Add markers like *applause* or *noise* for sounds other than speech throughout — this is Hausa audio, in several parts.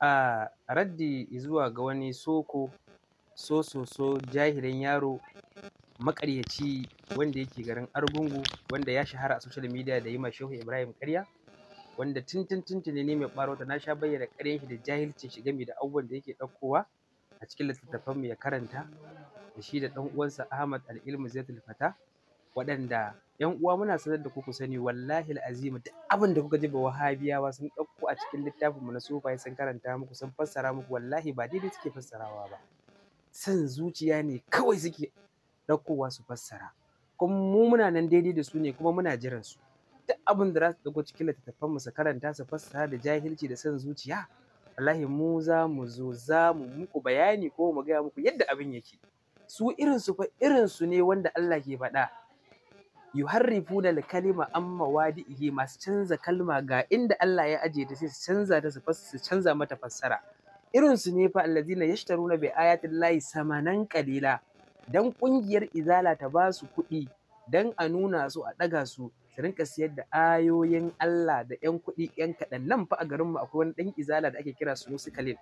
a raddi zuwa ga wani soko so so so jahilin yaro makaryaci wanda yake garin argungu wanda ya shahara a social media da yi ma shehu ibrahim karya wanda tuntun tuntuni ne mai ɓarota na sha bayyana karyan shi da jahilcin shi game da abubuwan da yake ɗaukowa a cikin littattafan mu ya karanta da shi da ɗan uwansa ahmad al-ilmu zaitulfata waɗanda yan uwa muna sanar da ku sani wallahi alazim duk abin da kuka ji ba wahabiyawa sun ɗauko a cikin littafin mu na sufai sun karanta muku sun fassara muku wallahi ba daidai suke fassarawa ba san zuciya ne kawai suke ɗaukowa su fassara kuma mu muna nan daidai da su ne kuma muna jiran su duk abin da za su ɗauko cikin littattafan mu su karanta su fassara da jahilci da san zuciya wallahi mu za mu zo za mu muku bayani ko mu gaya muku yadda abin yake su irinsu fa irinsu ne wanda Allah ke faɗa yuharrifuna al-kalima an mawadihi masu canza kalma ga inda Allah ya ajiye da sai su canza ta su canza mata fassara Irinsu ne fa allazina yashtaruna bai ayatin layi samanan qalila dan ƙungiyar izala ta ba su kuɗi dan a nuna su a ɗaga su su rinka siyar da ayoyin Allah da yan kuɗi yan kaɗan nan fa a garinmu akwai wani ɗan izala da ake kira sunusi kalil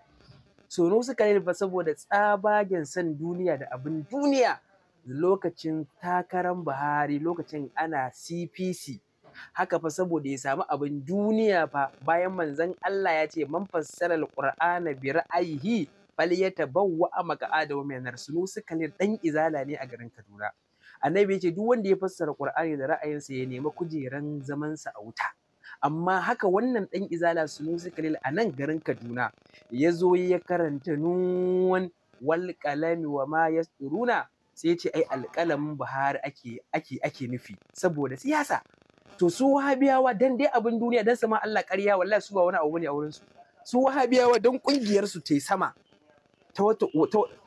sunusi kalil fa saboda tsabagen san duniya da abin duniya lokacin takarar Buhari lokacin ana CPC haka fa saboda ya samu abin duniya fa bayan manzon Allah ya ce man fassara alqur'ana bi ra'ayihi fal yatabawwa maqa'ada wa arsulu suka ne dan izala ne a garin Kaduna annabi ya ce duk wanda ya fassara qur'ani da ra'ayinsa ya nemi kujeran zamansa a wuta amma haka wannan ɗan izala suka ne a nan garin kaduna ya zo ya karanta nun wal qalami wa ma yasturuna sai ce ai alƙalamin Buhari ake ake ake nufi saboda siyasa to su wahabiyawa dan dai abin duniya dan sama Allah ƙarya wallahi su ba wani abu ne a wurin su su wahabiyawa dan kungiyar su tai sama ta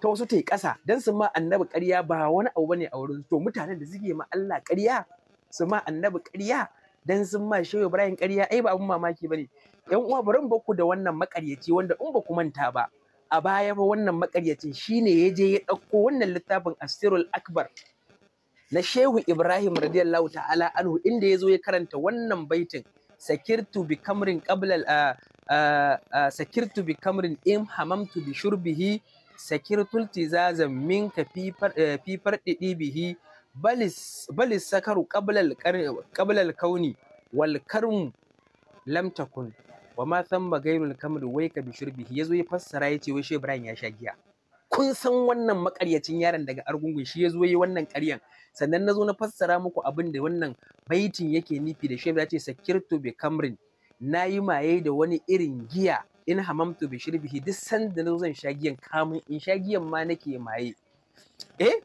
wasu ta yi ƙasa don su ma annabi ƙarya ba wani abu bane a wurin to mutanen da suke ma Allah ƙarya su ma annabi ƙarya don sun ma shehu Ibrahim ƙarya ai ba abun mamaki bane yan uwa bari mu ku da wannan makaryaci wanda in ba ku manta ba a baya ba wannan makaryacin shine ya je ya ɗauko wannan littafin asirul akbar na shehu ibrahim radiyallahu ta'ala anhu inda ya zo ya karanta wannan baitin sakirtu bi kamrin qablal sakirtu bi kamrin in hamamtu bi shurbihi sakirtu iltizazan minka fi eh, fardidi bihi balis sakaru qablal kauni wal lamtakun lam takun wa ma san magairul kamri wai ka bi Ya yazo ya fassara ya ce wai shi Ibrahim ya sha giya kun san wannan makaryacin yaron daga argungun shi yazo yi wannan karyan sannan nazo na fassara muku abin da wannan baitin yake nufi da shi ya ce sakirtu bi kamrin na yi maye da wani irin giya in hamamtu bi shirbihi duk sanda na zan sha giyan kamun in sha giyan ma nake maye eh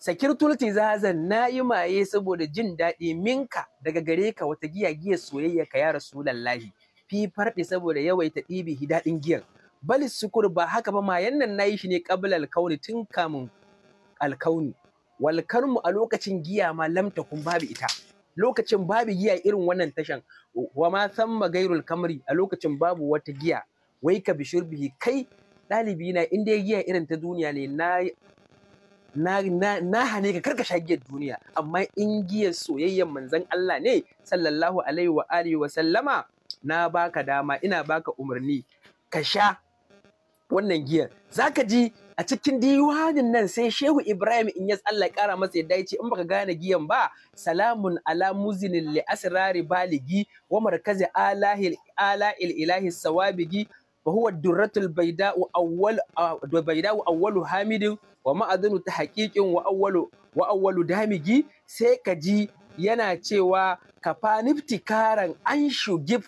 sakirtul tizazan na yi maye saboda jin daɗi minka daga gare ka wata giya giya soyayya ka ya rasulallahi fi farɗi saboda yawaita ɗibi daɗin giyar bali sukur ba haka ba ma yannan yi shi ne qabla alkauni tun kamun alkauni walkarmu a lokacin giya ma lamta kun babu ita lokacin babu giya irin wannan tashan wa ma ma gairul kamri a lokacin babu wata giya wai ka bishirbihi kai ɗalibi na in dai giya irin ta duniya ne na na, na, na hane ka giyar duniya amma in giyar soyayyen manzon Allah ne sallallahu alaihi wa alihi wa sallama na baka dama ina baka umarni ka sha wannan giyar zaka ji a cikin diwanin nan sai shehu ibrahim in ya Allah kara masa yadda ya ce in baka gane giyan ba salamun ala muzinin li asrari baligi wa markazi ala ala'il ilahi sawabigi wa huwa durratul baida'u awwal baida'u awwalu hamidin wa ma'azinu ta hakikin wa awwalu damigi sai ka ji yana cewa nifti karan an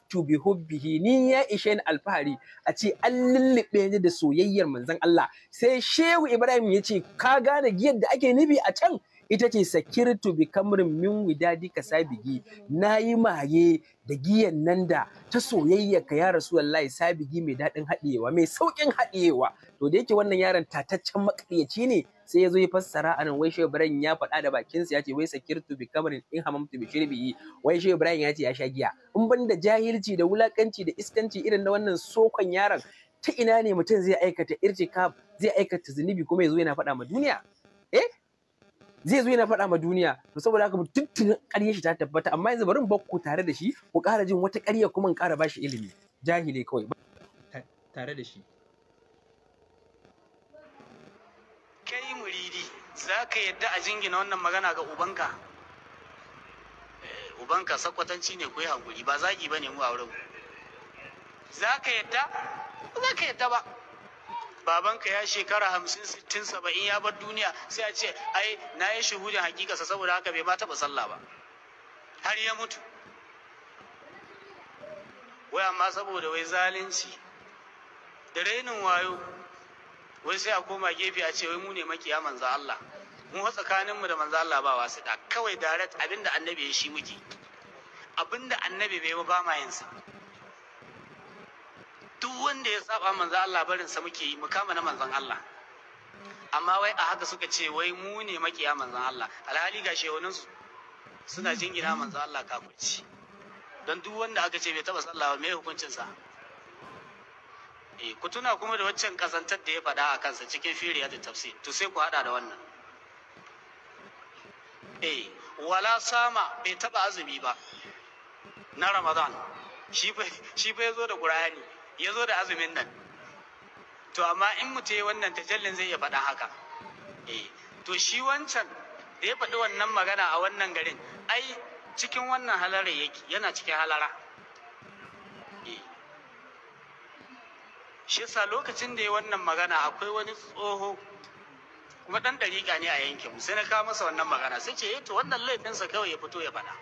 to bi hubbihi ni ya ishe ni alfahari a ce an lullube ni da soyayyar manzon Allah sai shehu Ibrahim ya ce ka gane giyar da ake nubi a can ita ce sakirtu bi kamarin min ka sabigi na yi maye da giyan nan da ta soyayya ka ya wallahi sabigi mai daɗin haɗiyewa mai sauƙin haɗiyewa to da yake wannan yaron tataccen maƙaryaci ne sai ya zo ya fassara a nan wai shehu ibrahim ya faɗa da bakinsa ya ce wai sakirtu bi kamarin in hamamtu bi shirbi wai shehu ibrahim ya ce ya sha giya in ban da jahilci da wulakanci da iskanci irin na wannan sokon yaron ta ina ne mutum zai aikata irtikab zai aikata zunubi kuma ya zo yana faɗa ma duniya eh zai zo yana faɗa ma duniya to saboda haka tuntunin ƙarya shi ta tabbata amma yanzu bari mu ku tare da shi ku ƙara jin wata ƙarya kuma in ƙara bashi ilimi jahile kawai tare da shi kai muridi za ka yadda a jingina wannan magana ga ubanka eh, ubanka sakwatanci ne ku yi haƙuri ba zagi ba ne mu a wurin za ka yadda ba za ka yadda ba babanka ya shekara hamsin sittin saba'in ya bar duniya sai a ce ai na yi shuhudin hakikarsa saboda haka bai ma taɓa sallah ba har ya mutu wai amma saboda wai zalunci da rainin wayo wai sai a koma gefe a ce wai mu ne makiya manzo Allah mu tsakaninmu da manzo Allah ba wasu da kawai direct abinda annabi ya shi muke abinda annabi bai ba ma yinsa duk wanda ya saba manzan Allah barin sa muke yi mu kama na manzan Allah amma wai a haka suka ce wai mu ne makiya manzan Allah alhali ga shehunan su suna jingina manzan Allah kafirci don duk wanda aka ce bai taba sallah ba me hukuncin sa eh ku tuna kuma da waccan kasantar da ya faɗa a kansa cikin firi da tafsir to sai ku hada da wannan eh wala sama bai taba azumi ba na Ramadan shi fa ya zo da Qur'ani ya zo da azumin nan to amma in mutum ya wannan tajallin zai iya faɗa haka eh to shi wancan da ya faɗi wannan magana a wannan garin ai cikin wannan halara yake yana cikin halara eh. shi sa lokacin da ya wannan magana akwai wani tsoho kuma ɗan ɗariƙa ne a yankin sai na kawo masa wannan magana sai ce eh, to wannan laifinsa kawai ya fito ya faɗa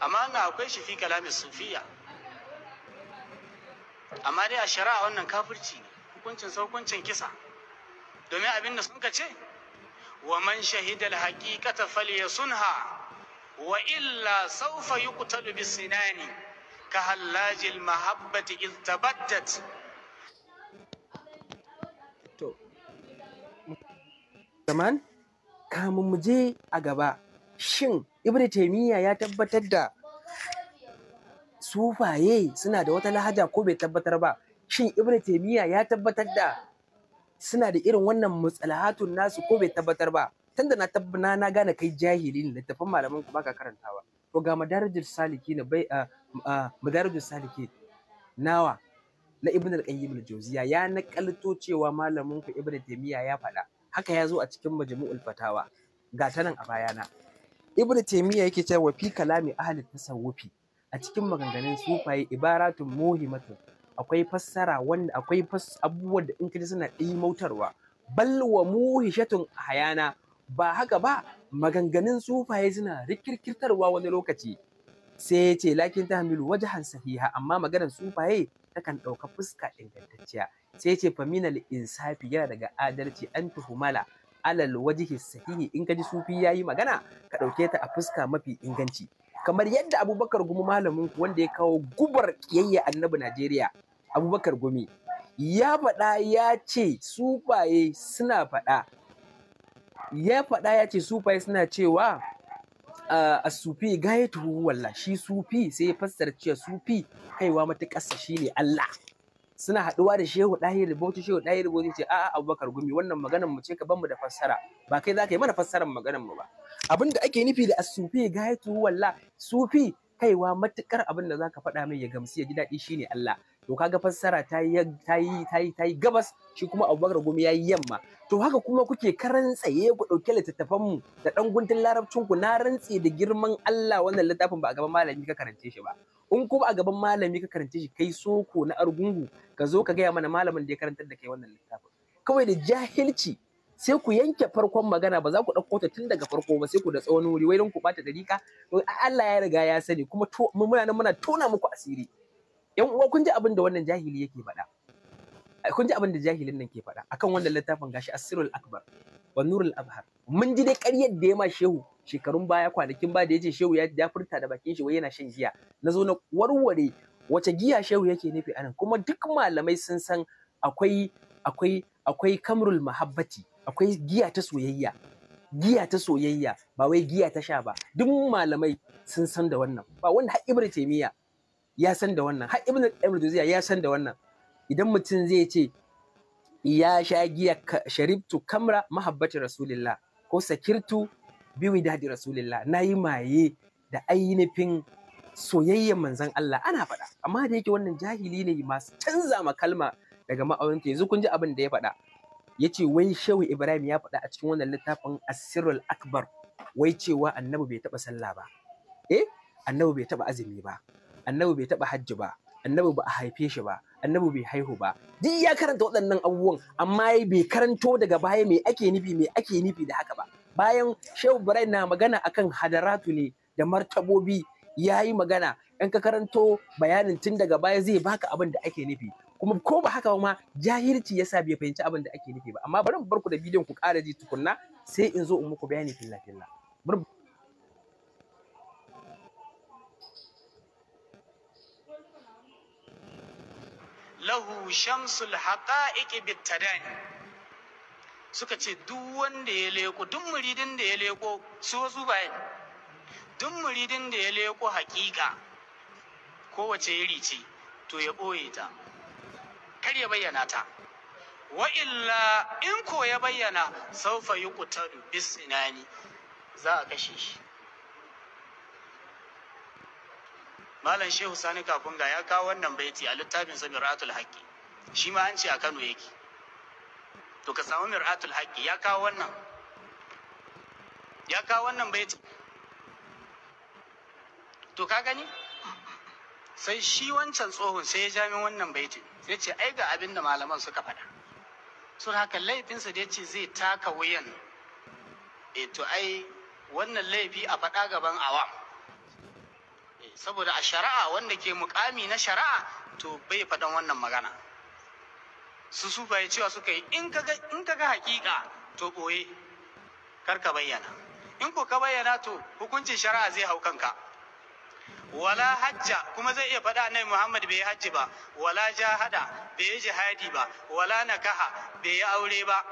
amma na akwai shi fi kalamin sufiya amma dai a shari'a wannan kafirci ne hukuncin saukuncin kisa domin abin da sun ce wa man shahida alhaqiqata falyasunha wa illa sawfa yuqtalu bisinani ka hallajil mahabbati iz tabattat to zaman kamun mu a gaba shin ibnu ya tabbatar da sufaye suna da wata lahaja ko bai tabbatar ba shin ibn taymiya ya tabbatar da suna da irin wannan mutsalahatun nasu ko bai tabbatar ba tunda na tabbana na gane kai jahili ne littafin malaman ku baka karantawa to ga madarajul saliki na bai ah, ah, madarajul saliki nawa na ibn al-qayyim al-jawziya ya nakalto cewa malamin ku ibn taymiya ya faɗa haka ya zo a cikin majmu'ul fatawa ga ta a bayana ibn taymiya yake cewa fi kalami ahli tasawufi a cikin maganganun sufaye ibaratun muhimmatun akwai fassara wanda akwai abubuwan da in kaji suna ɗi bal wa muhishatun hayana ba haka ba maganganun sufaye suna rikirkirtarwa wani lokaci sai ya ce lakin ta hamilu wajahan sahiha amma maganar sufaye takan ɗauka fuska ingantacciya sai ya ce faminal insafi yana daga adalci an tuhumala alal wajihi sahihi in ka ji sufi ya yi magana ka ɗauke ta a fuska mafi inganci kamar yadda abubakar gumi malamin ku wanda ya kawo gubar kiyayya annabi najeriya abubakar gumi ya faɗa ya ce sufaye suna faɗa ya faɗa ya ce sufaye suna cewa a sufi gaya tuhu walla shi sufi sai ya fassara cewa sufi kaiwa shi ne allah suna haɗuwa da shehu ɗahi rubutu shehu ɗahi rubutu ce a'a abubakar gumi wannan maganar mu ce ka bamu da fassara ba kai za ka yi mana fassarar maganar mu ba abin da ake nufi da asufi gayatu walla sufi kaiwa matukar abin da za ka faɗa mai ya gamsu ya ji daɗi shine Allah to kaga fassara ta yi ta yi ta yi ta yi gabas shi kuma Abubakar Gumi ya yi yamma to haka kuma kuke karan tsaye ku dauke littattafan mu da dan guntun larabcin ku na rantse da girman Allah wannan littafin ba a gaban malami ka karance shi ba in kuma a gaban malami ka karance shi kai soko na argungu ka zo ka gaya mana malamin da ya karantar da kai wannan littafin kawai da jahilci sai ku yanke farkon magana ba za ku ɗauko ta tun daga farko ba sai ku da tsawon wuri wai don ku ɓata dariƙa Allah ya riga ya sani kuma muna muna tona muku asiri yan uwa kun ji abin da wannan jahili yake faɗa kun ji abin da jahilin nan ke faɗa akan wannan littafin gashi asirul akbar wa nurul abhar mun ji dai ƙaryar da ya ma shehu shekarun baya kwanakin ba da ya ce shehu ya furta da bakin shi wai yana shan giya na zo na warware wace giya shehu yake nufi anan kuma duk malamai sun san akwai akwai akwai kamrul mahabbati akwai giya ta soyayya giya ta soyayya ba wai giya ta sha ba duk malamai sun san da wannan ba wanda har ibnu ya san da wannan har ibn al-qayyim ya san da wannan idan mutum zai ce ya sha giya sharibtu kamra mahabbati rasulillah ko sakirtu biwi dadi rasulillah na yi maye da ainihin soyayyen manzon Allah ana faɗa amma da yake wannan jahili ne masu canza ma kalma daga ma'aurinta yanzu kun ji abin da ya faɗa yace wai shehu ibrahim ya faɗa a cikin wannan littafin asirul akbar wai cewa annabi bai taɓa sallah ba eh annabi bai taɓa azumi ba annabi bai taɓa hajji ba annabi ba a haife shi ba annabi bai haihu ba duk ya karanta waɗannan abubuwan amma bai karanto daga baya mai ake nufi mai ake nufi da haka ba bayan shehu birai na magana akan hadaratu ne da martabobi ya yi magana in ka karanto bayanin tun daga baya zai baka abin da ake nufi kuma ko ba haka ma jahilci sa bai fahimci abin da ake nufi ba amma bari mu barku da bidiyon ku ƙara ji tukunna sai in zo in muku bayani filla filla lahu shamsul haqa'iqi bitadani suka ce duk wanda ya leko duk muridin da ya leko su wasu baye duk muridin da ya leko haƙiƙa kowace iri ce to ya ɓoye ta kar ya bayyana ta wa illa in ko ya bayyana saufa yuqtalu bisinani za a kashe shi malam shehu sani kafunga ya kawo wannan baiti a littafin sa mir'atul haqqi shi ma an ce a Kano yake to ka samu mir'atul haqqi ya kawo wannan ya kawo wannan baiti to ka gani sai shi wancan tsohon sai ya jami wannan baitin sai ce ai ga abin da malaman suka faɗa sun haka laifinsa da ya ce zai taka wuyan e to ai wannan laifi a faɗa gaban awam saboda a shari'a wanda ke mukami na shari'a to bai faɗan wannan magana su sufaye cewa suka yi in ka ga hakika to ɓoye kar ka bayyana in ko ka bayyana to hukuncin shari'a zai hau kanka wala hajja kuma zai iya faɗa nai muhammad bai yi hajji ba wala jahada bai yi jihadi ba wala nakaha bai yi aure ba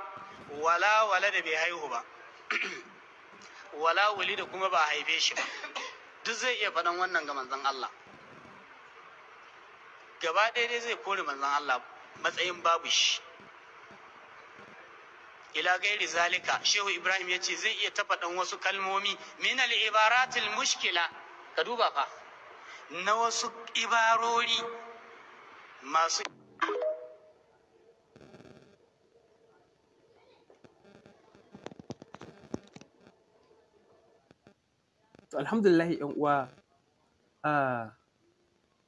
wala wala da bai haihu ba *clears throat* wala wuli da kuma ba haife shi ba duk zai iya faɗan wannan ga manzon Allah gaba ɗaya dai zai kore manzon Allah matsayin babu shi ila gairi zalika shehu ibrahim ya ce zai iya tafaɗan wasu kalmomi min al-ibaratil mushkila ka duba fa na wasu ibarori masu To alhamdulillahi ‘yan uwa,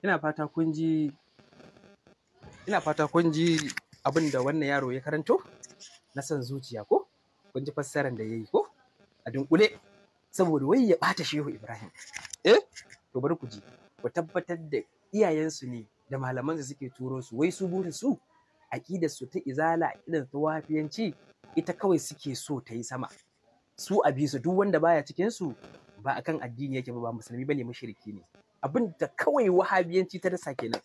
ina fata kun ji ina fata kun ji abin da wannan yaro ya karanto na san zuciya ko? Kun ji fassarar da ya yi ko? A dunkule saboda wai ya bata Shehu Ibrahim. Eh, to bari ku ji, ku tabbatar da iyayensu ne da malaman malamansu suke turo su wai su burin su aƙidar su ta izala idan su wafiyanci ita kawai suke so ta yi sama su a bisa duk wanda baya cikin su ba akan addini yake ba ba musulmi bane mushriki ne abin da kawai wahabiyanci ta dasa kenan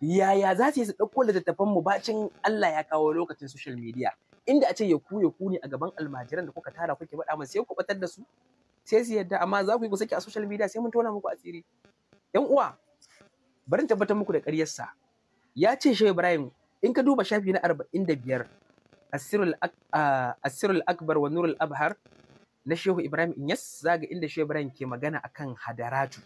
yaya za su yi su ɗauko littattafan mu bacin Allah ya kawo lokacin social media inda a ce ya ku ku ne a gaban almajiran da kuka tara kuke faɗa mu sai ku batar da su sai su yadda amma za ku yi ku saki a social media sai mun tona muku asiri yan uwa bari tabbatar muku da sa. ya ce shehu ibrahim in ka duba shafi na arba'in da biyar asirul ah, akbar wa nurul abhar na Shehu Ibrahim Inyas zaga inda Shehu Ibrahim ke magana akan hadaratu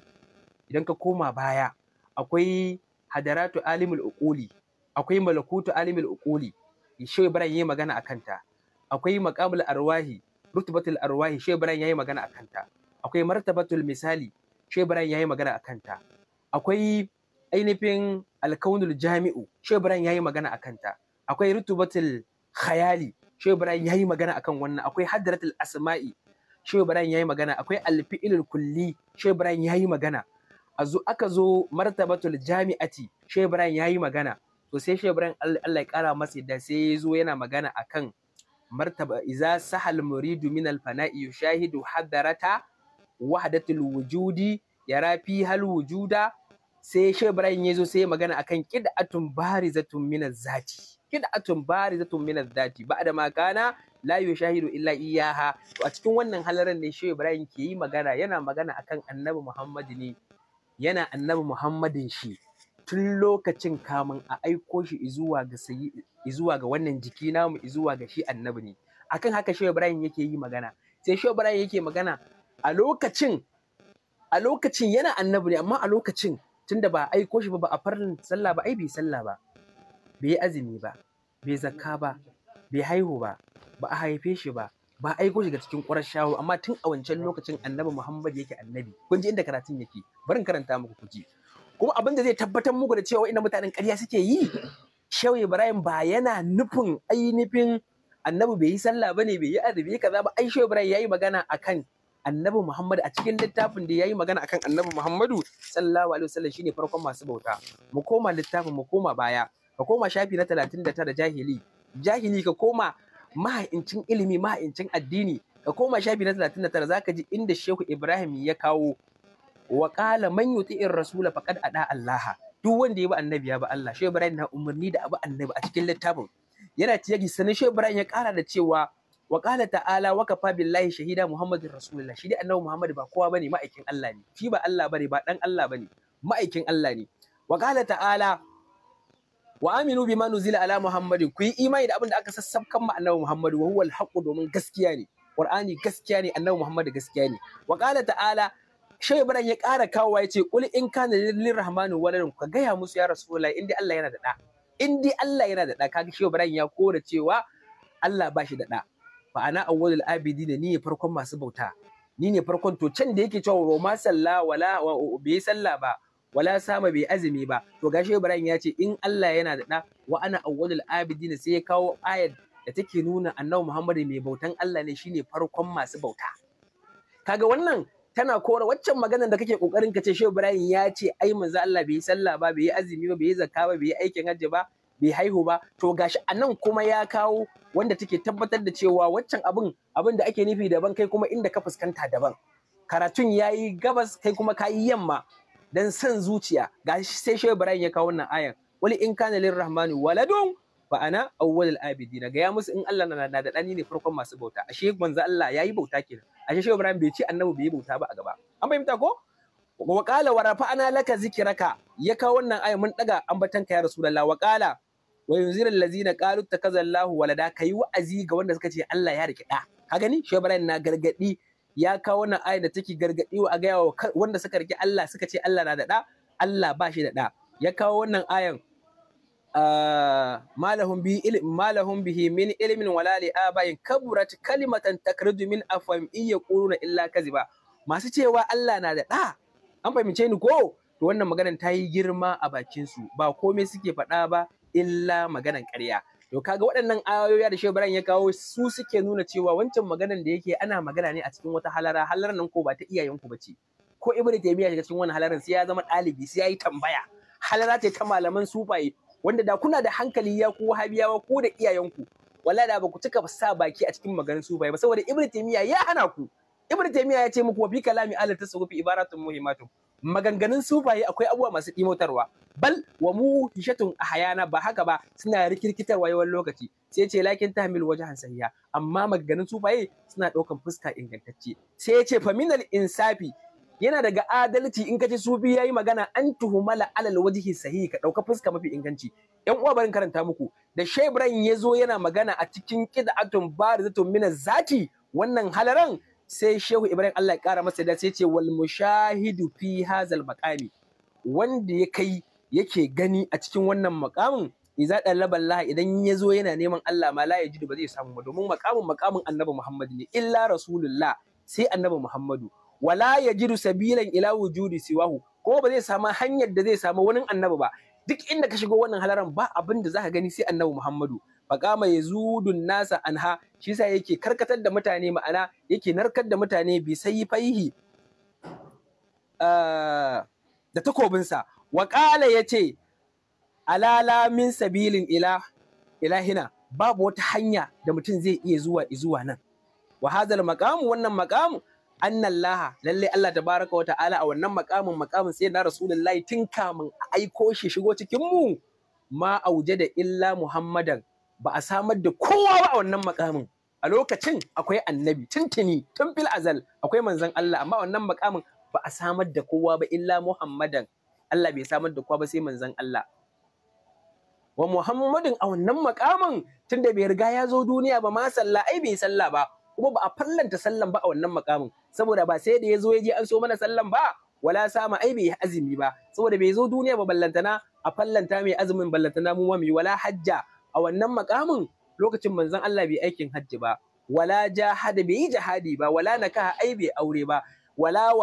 idan ka koma baya akwai hadaratu alimul uquli akwai malakutu alimul uquli Shehu Ibrahim yayi magana akan ta akwai maqamul arwahi rutbatul arwahi Shehu Ibrahim yayi magana akan ta akwai martabatul misali Shehu Ibrahim yayi magana akan ta akwai ainihin alkaunul jami'u Shehu Ibrahim yayi magana akan ta akwai rutubatul khayali Shehu Ibrahim yayi magana akan wannan akwai hadaratul asma'i shehu ibrahim yayi magana akwai alfi'ilul kulli shehu ibrahim yayi magana azu aka zo martabatul jami'ati shehu ibrahim yayi magana to sai shehu ibrahim Allah ya kara masa da sai ya zo yana magana akan martaba iza sahal muridu min alfana'i yushahidu hadarata wahdatul wujudi yara fi hal wujuda sai shehu ibrahim ya zo sai magana akan qid'atun barizatun min zati qid'atun barizatun min zati ba'da ma kana la yushahidu illa iyaha to a cikin wannan halaran ne shehu ibrahim ke yi magana yana magana akan annabi muhammadu ne yana annabi muhammadin shi tun lokacin kamun a aiko shi zuwa ga zuwa ga wannan jiki namu zuwa ga shi annabi ne akan haka shehu ibrahim yake yi magana sai shehu ibrahim yake magana a lokacin a lokacin yana annabi ne amma a lokacin tunda ba aiko shi ba ba a farin sallah ba ai bai sallah ba bai azumi ba bai zakka ba bai haihu ba ba a haife shi ba ba a aiko shi ga cikin shawo amma tun a wancan lokacin annabi Muhammad yake annabi kun ji inda karatun yake barin karanta muku ku ji kuma abin da zai tabbatar muku da cewa inda mutanen ƙarya suke yi shawo Ibrahim ba yana nufin ainihin annabi bai yi sallah ba bane bai yi azumi kaza ba ai shawo Ibrahim yayi magana akan annabi Muhammad a cikin littafin da yayi magana akan annabi Muhammadu sallallahu alaihi wasallam shine farkon masu bauta mu koma littafin mu koma baya ka koma shafi na 39 jahili jahili ka koma Mahaicin ilimi mahaicin addini ka koma shafi na 39 zaka ji inda Shehu Ibrahim ya kawo wa qala man yuti'ir rasula faqad ada Allah duk wanda ya bi annabi ya bi Allah Shehu Ibrahim na umarni da abu annabi a cikin littafin yana tiyagi sanin Shehu Ibrahim ya kara da cewa wa qala ta'ala wa kafa billahi shahida Muhammadu rasulullah shi dai annabi Muhammad ba kowa bane ma'aikin Allah ne shi ba Allah bane ba dan Allah bane ma'aikin Allah ne wa ta'ala wa aminu bima nuzila ala muhammadin ku yi imani da abin da aka sassafkan ma annabi Muhammadu. wa huwa alhaqu domin gaskiya ne qur'ani gaskiya ne annabi Muhammadu gaskiya ne wa qala ta'ala shehu ibrahim ya ƙara kawowa yace qul in kana lil rahmani waladun ka gaya musu ya rasulullahi in Allah yana da da Allah yana da da kaga shehu ibrahim ya kora cewa Allah ba shi da da ma'ana awwalul abidina ni ne farkon masu bauta ni ne farkon to can da yake cewa wa ma sallah wala wa bi sallah ba wala sama bai azumi ba to gashi Ibrahim ya ce in Allah yana da da wa ana awwalul abidin sai ya kawo ayat da take nuna Annabi Muhammadu mai bautan Allah ne shine farkon masu bauta kaga wannan tana kora waccan maganar da kake kokarin ka ce Shehu Ibrahim ya ce ai manzo Allah bai yi sallah ba bai azumi ba bai zakka ba bai yi aikin hajji ba bai haihu ba to gashi anan kuma ya kawo wanda take tabbatar da cewa waccan abin abin da ake nufi daban kai kuma inda ka fuskanta daban karatun yayi gabas kai kuma ka yi yamma dan san zuciya ga sai shehu ibrahim ya kawo wannan ayan wali in kana rahmani waladun fa ana awwalul abidin ga ya musu in Allah na da dani ne farkon masu bauta ashe manzo Allah yayi bauta kenan ashe shehu ibrahim bai ci annabi bai bauta ba a gaba an fahimta ko wa qala wa rafa'ana laka zikraka ya kawo wannan ayan mun daga ambatan ka ya rasulullah wa qala wa yunzirul ladzina qalu takazallahu walada kai wa'azi ga wanda suka ce Allah ya rike da ka gani shehu ibrahim na gargadi ya kawo wannan ayar da take gargaɗi a gaya wa wanda suka rike Allah suka ce Allah na da ɗa Allah ba shi da ɗa ya kawo wannan ayan ah, malahum bihi malahum bihi min ilmin wala li abain kaburat kalimatan takrudu min afwam in yaquluna illa kaziba masu cewa Allah na da ɗa an fahimce ni ko to wannan maganar ta yi girma a bakin su ba komai suke faɗa ba illa maganar ƙarya to kaga waɗannan ayoyi da Shehu Ibrahim ya kawo su suke nuna cewa wancan maganar da yake ana magana ne a cikin wata halara halar nan ko ba ta iyayenku ku bace ko Ibn Taymiyyah shiga cikin wannan halarar sai ya zama ɗalibi sai yi tambaya halara ce ta malaman sufaye wanda da kuna da hankali ya ku wahabiyawa ko da iyayenku wala da ba ku cika sa baki a cikin maganar sufaye ba saboda Ibn Taymiyyah ya hana ku Ibn Taymiyyah ya ce muku wa fi kalami ala tasawufi ibaratun muhimmatun maganganun sufaye akwai abubuwa masu ɗimotarwa bal wa mu hishatun a hayana ba haka ba suna rikirkitarwa yawan lokaci sai ce lakin tahmil waje sahiya amma maganganun sufaye suna ɗaukan fuska ingantacce sai ce faminal insafi yana daga adalci in kace sufi yayi magana an tuhumala alal wajhi sahi ka dauka fuska mafi inganci yan uwa barin karanta muku da Shebran ya zo yana magana a cikin kid'atun barizatun min zati wannan halaran sai shehu ibrahim allah ya kara masa da sai ce wal mushahidu fi hazal maqami wanda ya kai yake gani a cikin wannan maqamin iza dalaban laha idan ya zo yana neman Allah ma la ya ji ba zai samu ba domin maqamin maqamin annabi Muhammadu ne illa rasulullah sai annabi Muhammadu wala ya jidu sabilan ila wujudi siwahu ko ba zai samu hanyar da zai samu wani annabi ba duk inda ka shigo wannan halaran ba abinda da zaka gani sai annabi Muhammadu ya zudun nasa anha shi yasa yake karkatar da mutane ma'ana yake narkar da mutane bi sai faihi ah, da takobinsa wa ya ce, alala min sabilin ilahina babu wata hanya da mutum zai iya zuwa izuwa nan wa hadal maqamu wannan maqamu annallaha lalle Allah tabaraka wa ta'ala a wannan maqamin maqamin sai na rasulullahi tun kamin aiko shi shigo cikin mu ma auje da illa muhammadan ba a samar da kowa ba a wannan makamin a lokacin akwai annabi tuntuni tun fil azal akwai manzon Allah amma wannan makamin ba a samar da kowa ba illa Muhammadan Allah bai samar da kowa ba sai manzon Allah wa Muhammadin a wannan makamin tunda bai riga ya zo duniya ba ma sallah ai bai sallah ba kuma ba a fallanta sallan ba a wannan makamin saboda ba sai da ya zo ya je an so mana sallan ba wala sama ai bai azumi ba saboda bai zo duniya ba ballantana a fallanta mai azumin ballantana mu mai wala hajja a wannan makamin lokacin manzon Allah bai aikin hajji ba wala jahada bai yi jihadi ba wala nakaha ai bai aure ba wala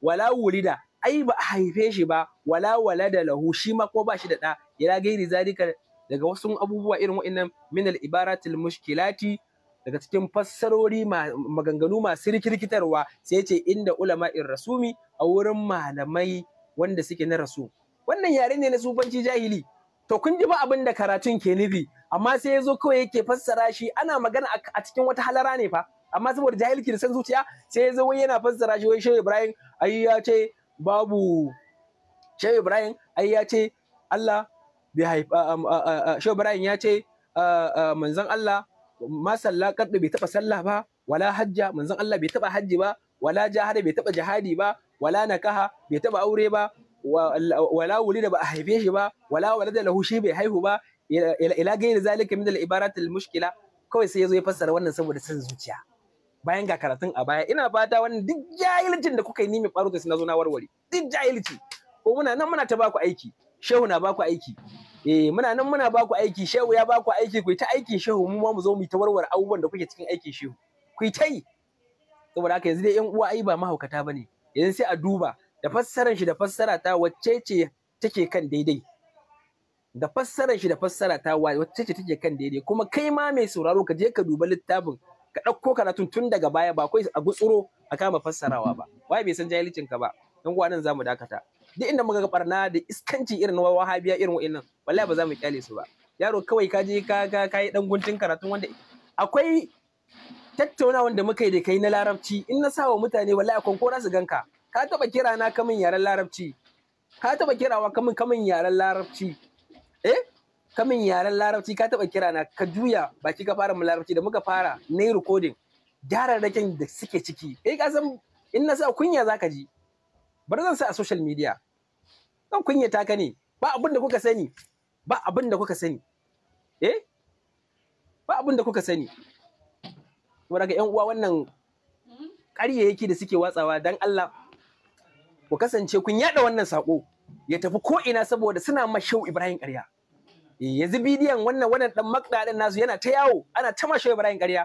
wala wulida ai ba a haife shi ba wala wala da lahu shi ma ko ba shi da ɗa ila gairi zalika daga wasu abubuwa irin wa'annan min al-ibaratil mushkilati daga cikin fassarori maganganu masu rikirkitarwa sai ce inda ulama in rasumi a wurin malamai wanda suke na rasu wannan yare ne na sufanci jahili to kun ji ba abin da karatun ke nufi amma sai ya zo kawai yake fassara shi ana magana a cikin wata halara ne fa amma saboda jahilci da san zuciya sai ya zo wai yana fassara shi wai shehu ibrahim ai ya ce babu shehu ibrahim ai ya ce allah bi haifa um, uh, uh, uh, shehu ibrahim ya ce manzon allah ma sallah kaddu bai taba sallah ba wala hajja manzon allah bai taba hajji ba wala jahada bai taba jihadi ba wala nakaha bai taba aure ba wala da ba a haife shi ba wala da lahu shi bai haihu ba ila gairi zalika min al-ibarat al-mushkila kawai sai yazo ya fassara wannan saboda san zuciya bayan ga karatun a baya ina fata wannan duk jahilcin da kuka yi nimi baro da na zo na warware duk jahilci ko muna nan muna ta baku aiki shehu na baku aiki eh muna nan muna baku aiki shehu ya baku aiki ku ta aikin shehu mu ma mu zo mu ta warware abubuwan da kuke cikin aikin shehu ku ta yi saboda haka yanzu dai yan uwa ai ba mahaukata bane yanzu sai a duba da fassarar shi da fassara ta wacce ce take kan daidai da fassarar shi da fassara ta wacce ce take kan daidai kuma kai ma mai sauraro ka je ka duba littafin ka ɗauko karatun tun daga baya ba kai a gutsuro a kama fassarawa ba waye bai san jahilcin ka ba dan nan zamu dakata duk inda muka ga barna da iskanci irin wahabiya irin wa'annan wallahi ba za mu kyale su ba yaro kawai ka je ka ga kai dan guntun karatun wanda akwai tattaunawa da muka yi da kai na larabci in na sawa mutane wallahi kon ko su ganka ka taba kira na kamin yaren larabci ka taba kirawa kamin kamin yaren larabci eh kamin yaren larabci ka taba kira na ka juya baki ka fara mu larabci da muka fara nayi recording gyara da suke ciki eh ka san in na sa kunya zaka ji bari zan sa a social media dan kunya ta ka ne ba abin da kuka sani ba abin da kuka sani eh ba abin da kuka sani saboda ga yan uwa wannan ƙarye yake da suke watsawa dan Allah ku kasance kun yada wannan sako ya tafi ko ina saboda suna mashau Ibrahim ƙarya eh, yanzu bidiyon wannan wannan dan din nasu yana ta yawo ana ta mashau Ibrahim ƙarya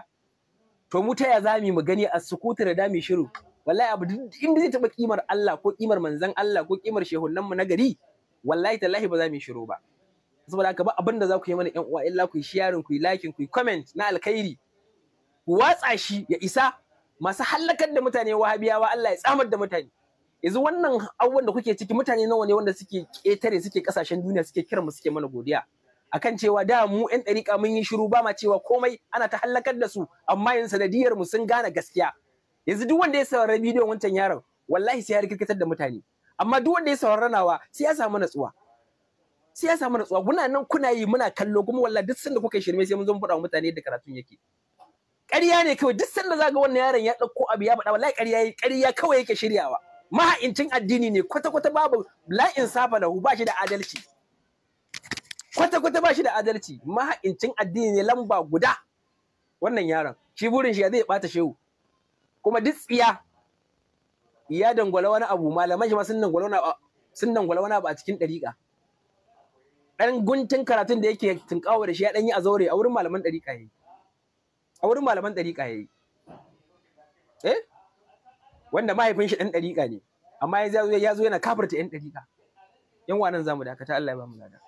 to mu ta ya zami mu gani a sukutu da dami shiru wallahi abu inda zai taba kimar Allah ko kimar manzon Allah ko kimar shehunan mu na gari wallahi tallahi ba za mu shiru ba saboda haka ba abin da za ku yi mana ƴan uwa illa ku yi sharing ku yi liking ku yi comment na alkhairi ku watsa shi ya isa masu hallakar da mutane wahabiyawa Allah ya tsamar da mutane yanzu wannan abubuwan da kuke ciki mutane nawa ne wanda suke ƙetare suke kasashen duniya suke kiran mu suke mana godiya akan cewa da mu yan ɗariƙa mun yi shiru ba ma cewa komai ana ta hallakar da su amma yanzu sanadiyar mu sun gane gaskiya yanzu duk wanda ya saurari bidiyon wancan yaron wallahi sai ya rikirkitar da mutane amma duk wanda ya saurara nawa sai ya samu natsuwa sai ya samu natsuwa muna nan kuna yi muna kallo kuma wallahi duk sanda kuka shirme sai mun zo mu faɗa wa mutane da karatun yake ƙarya ne kawai duk sanda zaga wannan yaron ya ɗauko abu ya faɗa wallahi ƙarya ƙarya kawai yake shiryawa maha'incin addini ne kwata-kwata babu la insafa lahu ba shi da adalci kwata-kwata ba shi da adalci maha'incin addini ne lamba guda wannan yaron shi burin shi ya zai bata shehu kuma duk tsiya ya dangwala wani abu malaman shi ma sun dangwala wani abu a cikin ɗariƙa ɗan guntun karatun da yake tunkawa da shi ya ɗanyi a zaure a wurin malaman ɗariƙa ya yi a wurin malaman ɗariƙa ya yi eh wanda mahaifin shi ɗan ɗariƙa ne amma ya zo yana kafarta ƴan ɗariƙa yan wa nan zamu dakata Allah ya ba mu lada